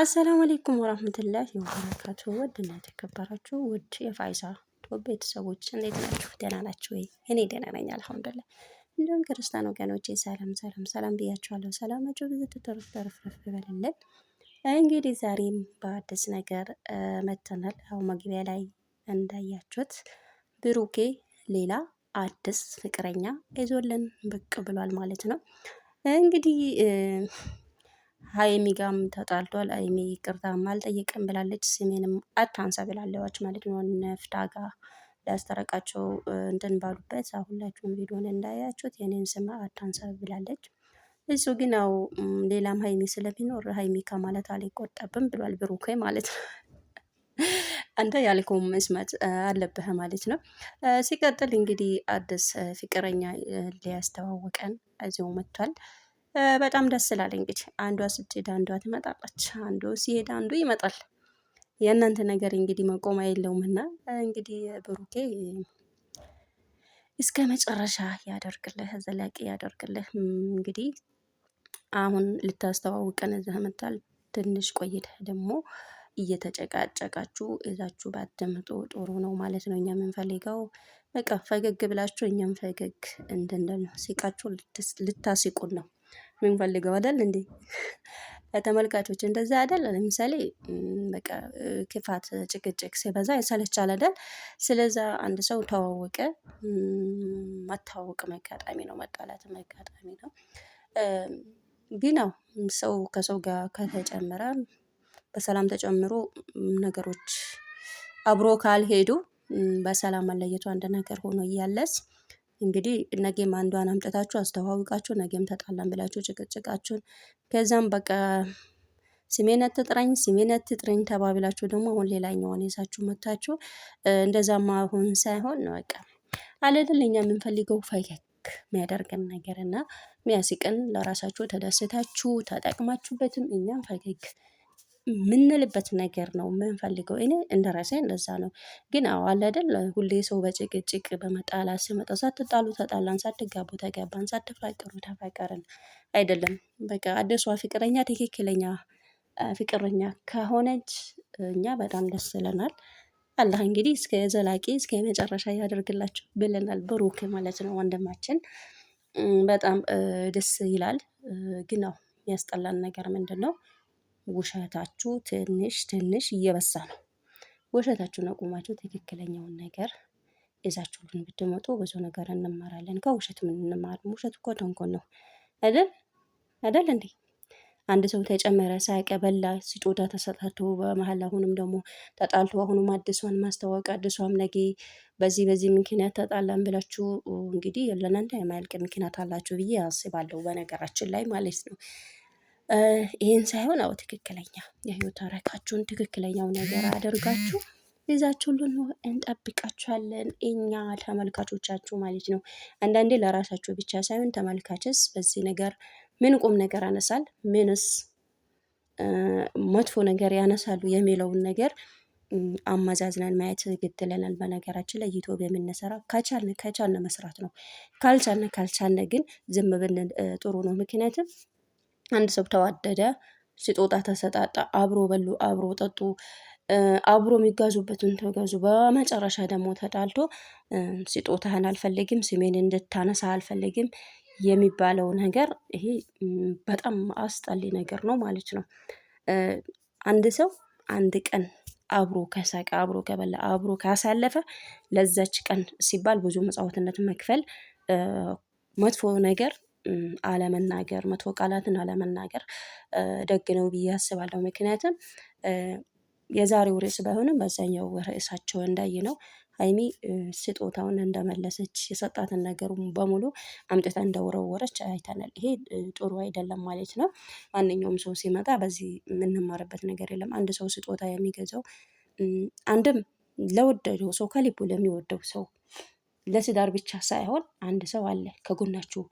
አሰላሙ አለይኩም ወራህመቱላሂ ወበረካቱ። ውድና የተከበራችሁ ውድ የፋይሳ ቶ ቤተሰቦች እንዴት ናችሁ? ደህና ናችሁ ወይ? እኔ ደህና ነኝ አልሐምዱሊላህ። እንዲሁም ክርስቲያን ወገኖቼ ሰላም ሰላም ሰላም ብያችኋለሁ። ሰላማችሁ ብዙ ትተርፍ ተርፍረፍ ይበልልን። እንግዲህ ዛሬም በአዲስ ነገር መተናል። ያው መግቢያ ላይ እንዳያችሁት ብሩኬ ሌላ አዲስ ፍቅረኛ ይዞልን ብቅ ብሏል ማለት ነው እንግዲህ ሀይሚ ጋም ተጣልቷል። ሀይሚ ይቅርታም አልጠየቅም ብላለች። ስሜንም አታንሳ ብላለች ማለት ነው። ነፍታ ጋ ሊያስታረቃቸው እንትን ባሉበት ሁላችሁም ቪዲዮን እንዳያችሁት የኔን ስም አታንሳ ብላለች። እሱ ግን ያው ሌላም ሀይሚ ስለሚኖር ሀይሚ ከማለት አልቆጠብም ብሏል ብሩኬ ማለት ነው። አንተ ያልከውም መስማት አለብህ ማለት ነው። ሲቀጥል እንግዲህ አዲስ ፍቅረኛ ሊያስተዋወቀን እዚው መጥቷል። በጣም ደስ ይላል። እንግዲህ አንዷ ስትሄድ አንዷ ትመጣለች፣ አንዱ ሲሄድ አንዱ ይመጣል። የእናንተ ነገር እንግዲህ መቆም የለውም እና እንግዲህ ብሩኬ እስከ መጨረሻ ያደርግልህ፣ ዘላቂ ያደርግልህ። እንግዲህ አሁን ልታስተዋውቀን እዚህ መታል። ትንሽ ቆይተህ ደግሞ እየተጨቃጨቃችሁ እዛችሁ ባትደምጡ ጥሩ ነው ማለት ነው። እኛ የምንፈልገው በቃ ፈገግ ብላችሁ እኛም ፈገግ እንድንል ሲቃችሁ ልታስቁን ነው። ምን ፈልገው አይደል እንዴ? ለተመልካቾች እንደዛ አይደል? ለምሳሌ በቃ ክፋት፣ ጭቅጭቅ ሲበዛ ይሰለቻል አይደል? ስለዛ አንድ ሰው ተዋወቀ መታወቅም አጋጣሚ ነው፣ መጣላት አጋጣሚ ነው። ግን ያው ሰው ከሰው ጋር ከተጨመረ በሰላም ተጨምሮ ነገሮች አብሮ ካልሄዱ በሰላም መለየቱ አንድ ነገር ሆኖ እያለስ እንግዲህ ነገም አንዷን አምጥታችሁ አስተዋውቃችሁ ነገም ተጣላን ብላችሁ ጭቅጭቃችሁን ከዛም በቃ ስሜን አትጥራኝ ስሜን አትጥረኝ ተባብላችሁ ደግሞ አሁን ሌላኛዋን ይዛችሁ መታችሁ እንደዛማ አሁን ሳይሆን ነው በቃ አለልኛ የምንፈልገው ፈገግ የሚያደርገን ነገር እና ሚያስቅን ለራሳችሁ ተደስታችሁ ተጠቅማችሁበትም እኛም ፈገግ የምንልበት ነገር ነው የምንፈልገው። እኔ እንደራሴ እንደዛ ነው። ግን አዎ አለ አይደል ሁሌ ሰው በጭቅጭቅ በመጣላት ሲመጣ ሳትጣሉ ተጣላን ሳትጋቡ ተጋባን ሳትፈቀሩ ተፈቀርን። አይደለም በቃ አዲሷ ፍቅረኛ ትክክለኛ ፍቅረኛ ከሆነች እኛ በጣም ደስ ይለናል። አላህ እንግዲህ እስከ ዘላቂ እስከ መጨረሻ ያደርግላችሁ ብለናል ብሩክ ማለት ነው ወንድማችን። በጣም ደስ ይላል። ግን አዎ የሚያስጠላን ነገር ነው? ውሸታችሁ ትንሽ ትንሽ እየበሳ ነው። ውሸታችሁን አቁማችሁ ትክክለኛውን ነገር ይዛችሁልን ብትመጡ ብዙ ነገር እንማራለን። ከውሸት ምን እንማር? ውሸት እኮ ተንኮል ነው አይደል? አይደል እንዴ? አንድ ሰው ተጨመረ፣ ሳቀ፣ በላ፣ ሲጮዳ ተሰጣቶ በመሀል አሁንም ደግሞ ተጣልቶ አሁንም አዲሷን ማስታወቅ አዲሷም ነገ በዚህ በዚህ ምክንያት ተጣላን ብላችሁ እንግዲህ ለእናንተ የማያልቅ ምክንያት አላችሁ ብዬ አስባለሁ። በነገራችን ላይ ማለት ነው ይህን ሳይሆን አዎ ትክክለኛ የህይወት አረካችሁን ትክክለኛው ነገር አድርጋችሁ ይዛችሁልን እንጠብቃችኋለን። እኛ ተመልካቾቻችሁ ማለት ነው። አንዳንዴ ለራሳችሁ ብቻ ሳይሆን ተመልካችስ በዚህ ነገር ምን ቁም ነገር ያነሳል፣ ምንስ መጥፎ ነገር ያነሳሉ የሚለውን ነገር አመዛዝነን ማየት ግድ በነገራችን ላይ ዩቲዩብ የምንሰራ ከቻልን ከቻልን መስራት ነው፣ ካልቻልን ካልቻልን ግን ዝም ብንል ጥሩ ነው። ምክንያትም አንድ ሰው ተዋደደ፣ ስጦታ ተሰጣጣ፣ አብሮ በሉ፣ አብሮ ጠጡ፣ አብሮ የሚጋዙበትን ተገዙ። በመጨረሻ ደግሞ ተጣልቶ ስጦታህን አልፈልግም፣ ስሜን እንድታነሳ አልፈልግም የሚባለው ነገር ይሄ በጣም አስጠሊ ነገር ነው ማለት ነው። አንድ ሰው አንድ ቀን አብሮ ከሳቀ አብሮ ከበላ አብሮ ካሳለፈ ለዛች ቀን ሲባል ብዙ መጽዋዕትነት መክፈል መጥፎ ነገር አለመናገር መቶ ቃላትን አለመናገር ደግ ነው ብዬ አስባለሁ። ምክንያትም የዛሬው ርዕስ ባይሆንም በዛኛው ርዕሳቸው እንዳይ ነው ሀይሚ ስጦታውን እንደመለሰች የሰጣትን ነገር በሙሉ አምጥታ እንደወረወረች አይተናል። ይሄ ጥሩ አይደለም ማለት ነው። ማንኛውም ሰው ሲመጣ በዚህ የምንማርበት ነገር የለም። አንድ ሰው ስጦታ የሚገዛው አንድም ለወደደው ሰው ከልቡ ለሚወደው ሰው ለስዳር ብቻ ሳይሆን አንድ ሰው አለ ከጎናችሁ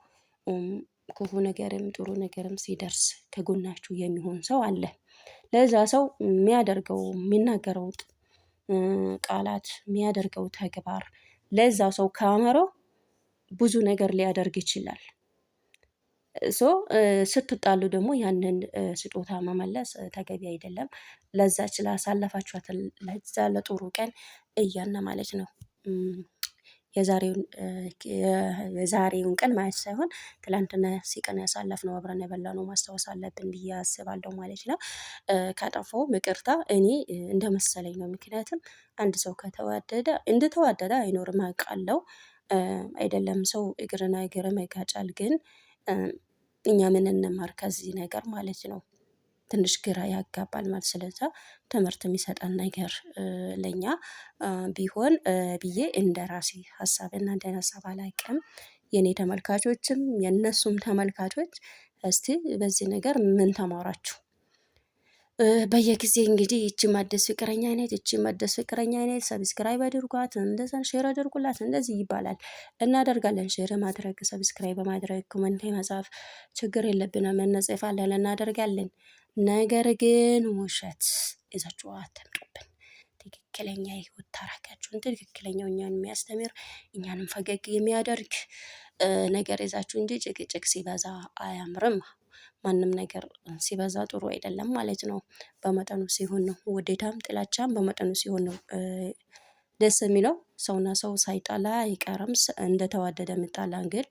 ክፉ ነገርም ጥሩ ነገርም ሲደርስ ከጎናችሁ የሚሆን ሰው አለ። ለዛ ሰው የሚያደርገው የሚናገረው ቃላት የሚያደርገው ተግባር ለዛ ሰው ካመረው ብዙ ነገር ሊያደርግ ይችላል። ሶ ስትጣሉ ደግሞ ያንን ስጦታ መመለስ ተገቢ አይደለም። ለዛች ላሳለፋችኋት ለዛ ለጥሩ ቀን እያና ማለት ነው። የዛሬውን ቀን ማለት ሳይሆን ትላንትና ሲቀን ያሳለፍነው አብረን የበላነው ማስታወስ አለብን ብዬ አስባለሁ ማለት ነው። ካጠፋሁም ምቅርታ እኔ እንደመሰለኝ ነው ምክንያቱም አንድ ሰው ከተዋደደ እንደተዋደደ አይኖርም አውቃለሁ። አይደለም ሰው እግርና እግር መጋጫል ግን እኛ ምን እንማር ከዚህ ነገር ማለት ነው ትንሽ ግራ ያጋባል ማለት ስለዛ ትምህርት የሚሰጠን ነገር ለኛ ቢሆን ብዬ እንደ ራሴ ሀሳብ እና እንደ ሀሳብ አላውቅም። የእኔ ተመልካቾችም የእነሱም ተመልካቾች እስቲ በዚህ ነገር ምን ተማራችሁ? በየጊዜ እንግዲህ እቺ ማደስ ፍቅረኛ አይነት እቺ ማደስ ፍቅረኛ አይነት ሰብስክራይብ አድርጓት፣ እንደዛ ሼር አድርጉላት፣ እንደዚህ ይባላል። እናደርጋለን። ሼር ማድረግ፣ ሰብስክራይብ ማድረግ፣ ኮመንት መጻፍ ችግር የለብንም። መነጽፋለን፣ እናደርጋለን። ነገር ግን ውሸት ይዛችሁ አትምጡብን። ትክክለኛ የህይወት ታሪካችሁን ትክክለኛው እኛን የሚያስተምር እኛንም ፈገግ የሚያደርግ ነገር ይዛችሁ እንጂ ጭቅጭቅ ሲበዛ አያምርም። ማንም ነገር ሲበዛ ጥሩ አይደለም ማለት ነው። በመጠኑ ሲሆን ነው ውዴታም ጥላቻም በመጠኑ ሲሆን ነው ደስ የሚለው። ሰውና ሰው ሳይጣላ አይቀርም። እንደተዋደደ የምጣላ ግን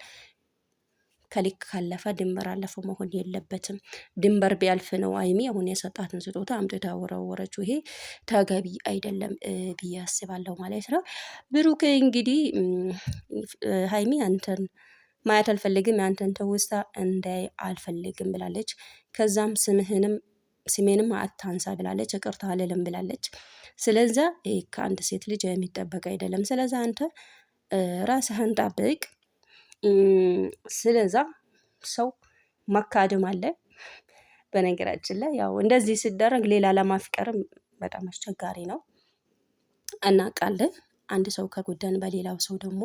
ከልክ ካለፈ ድንበር አለፈ መሆን የለበትም። ድንበር ቢያልፍ ነው አይሚ አሁን የሰጣትን ስጦታ አምጥታ ወረወረችው። ይሄ ተገቢ አይደለም ብዬ አስባለሁ ማለት ነው። ብሩክ እንግዲህ ሀይሚ አንተን ማየት አልፈልግም፣ የአንተን ትውስታ እንዳይ አልፈልግም ብላለች። ከዛም ስምህንም ስሜንም አታንሳ ብላለች። ይቅርታ አልልም ብላለች። ስለዛ ከአንድ ሴት ልጅ የሚጠበቅ አይደለም። ስለዛ አንተ ራስህን ጠብቅ። ስለዛ ሰው መካድም አለ። በነገራችን ላይ ያው እንደዚህ ሲደረግ ሌላ ለማፍቀርም በጣም አስቸጋሪ ነው እናውቃለን። አንድ ሰው ከጎዳን በሌላው ሰው ደግሞ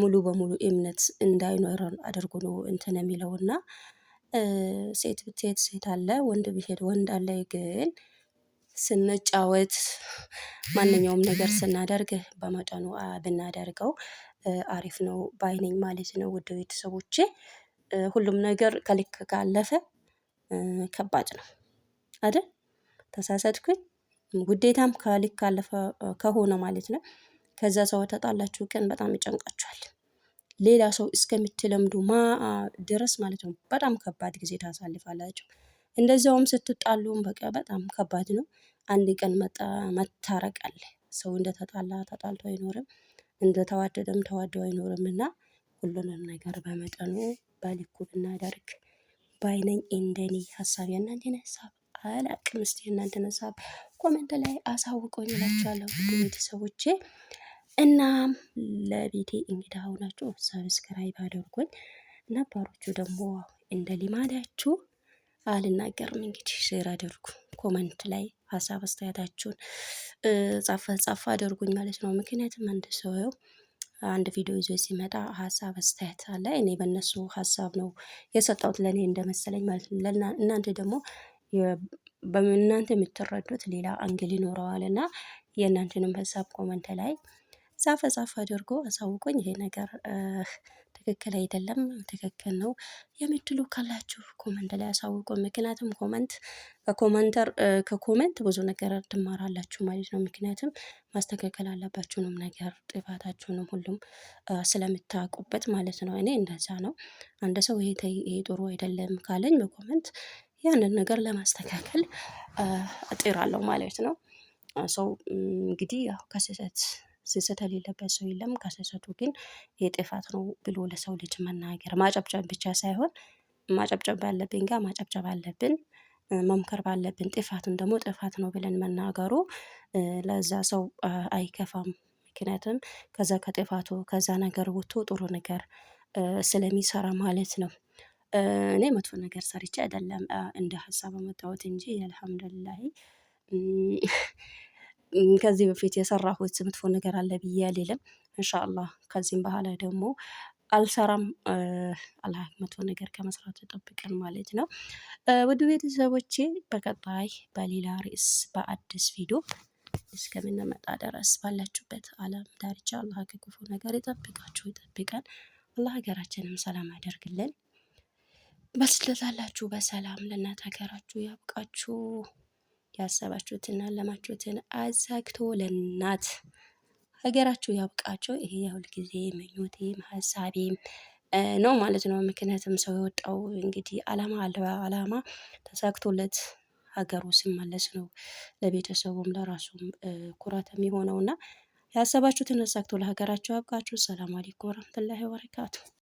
ሙሉ በሙሉ እምነት እንዳይኖረን አድርጎ ነው እንትን የሚለውና ሴት ብትሄድ ሴት አለ፣ ወንድ ብሄድ ወንድ አለ። ግን ስንጫወት ማንኛውም ነገር ስናደርግ በመጠኑ ብናደርገው አሪፍ ነው ባይነኝ ማለት ነው። ውድ ቤተሰቦቼ ሁሉም ነገር ከልክ ካለፈ ከባድ ነው አደ ተሳሳትኩኝ ውዴታም ከልክ ካለፈ ከሆነ ማለት ነው። ከዛ ሰው ተጣላችሁ ቀን በጣም ይጨንቃችኋል። ሌላ ሰው እስከምትለምዱ ማ ድረስ ማለት ነው በጣም ከባድ ጊዜ ታሳልፋላችሁ። እንደዚያውም ስትጣሉም በቃ በጣም ከባድ ነው። አንድ ቀን መጣ መታረቅ አለ ሰው እንደተጣላ ተጣልቶ አይኖርም እንደተዋደደም ተዋደው አይኖርምና ሁሉንም ነገር በመጠኑ በልኩ ብናደርግ ባይነኝ። እንደኔ ሀሳብ የእናንተን ሀሳብ አላቅም። እስቲ የእናንተን ሀሳብ ኮመንት ላይ አሳውቀኝ እላችኋለሁ ቤተሰቦቼ። እናም ለቤቴ እንግዳ ሆናችሁ ሰብስክራይብ አድርጎኝ ነባሮቹ ደግሞ እንደ ሊማዳችሁ አልናገርም። እንግዲህ ሼር አድርጉ፣ ኮመንት ላይ ሀሳብ አስተያየታችሁን ጻፈ ጻፈ አድርጉኝ ማለት ነው። ምክንያቱም አንድ ሰው ያው አንድ ቪዲዮ ይዞ ሲመጣ ሀሳብ አስተያየት አለ። እኔ በእነሱ ሀሳብ ነው የሰጠሁት ለእኔ እንደመሰለኝ ማለት ነው። እናንተ ደግሞ እናንተ የምትረዱት ሌላ አንግል ይኖረዋል እና የእናንተንም ሀሳብ ኮመንት ላይ ጻፈ ጻፈ አድርጎ አሳውቁኝ ይሄ ነገር ትክክል አይደለም፣ ትክክል ነው የምትሉ ካላችሁ ኮመንት ላይ ያሳውቁ። ምክንያቱም ኮመንት ከኮመንተር ከኮመንት ብዙ ነገር ትማራላችሁ ማለት ነው። ምክንያቱም ማስተካከል አለባችሁንም ነገር ጥፋታችሁንም ሁሉም ስለምታውቁበት ማለት ነው። እኔ እንደዛ ነው። አንድ ሰው ይሄ ጥሩ አይደለም ካለኝ በኮመንት ያንን ነገር ለማስተካከል እጥራለሁ ማለት ነው። ሰው እንግዲህ ያው ከስህተት ስህተት የሌለበት ሰው የለም። ከስህተቱ ግን የጥፋት ነው ብሎ ለሰው ልጅ መናገር ማጨብጨብ ብቻ ሳይሆን ማጨብጨብ ባለብን ጋር ማጨብጨብ አለብን። መምከር ባለብን ጥፋትን ደግሞ ጥፋት ነው ብለን መናገሩ ለዛ ሰው አይከፋም። ምክንያቱም ከዛ ከጥፋቱ ከዛ ነገር ወጥቶ ጥሩ ነገር ስለሚሰራ ማለት ነው። እኔ መጥፎ ነገር ሰርቼ አይደለም እንደ ሀሳብ አመጣሁት እንጂ አልሀምዱሊላሂ ከዚህ በፊት የሰራሁት መጥፎ ነገር አለ ብዬ አልልም። እንሻላ ከዚህም በኋላ ደግሞ አልሰራም። አላህ መጥፎ ነገር ከመስራት ይጠብቀን ማለት ነው። ውድ ቤተሰቦቼ በቀጣይ በሌላ ርዕስ በአዲስ ቪዲዮ እስከምንመጣ ድረስ ባላችሁበት ዓለም ዳርቻ አላህ ከክፉ ነገር ይጠብቃችሁ ይጠብቀን። አላህ ሀገራችንም ሰላም ያደርግልን። በስደት ላላችሁ በሰላም ለእናት ሀገራችሁ ያብቃችሁ። ያሰባችሁትን ያለማችሁትን አሳክቶ ለናት ሀገራችሁ ያብቃቸው። ይሄ የሁል ምኞቴም ሀሳቤም ነው ማለት ነው። ምክንያትም ሰው የወጣው እንግዲህ አላማ አለ አላማ ተሳክቶለት ሀገሩ ሲመለስ ነው ለቤተሰቡም ለራሱም ኩራት የሚሆነው እና ያሰባችሁትን አሳክቶ ለሀገራችሁ ያብቃችሁ። ሰላም አለይኩም ወረህመቱላሂ ወበረካቱ።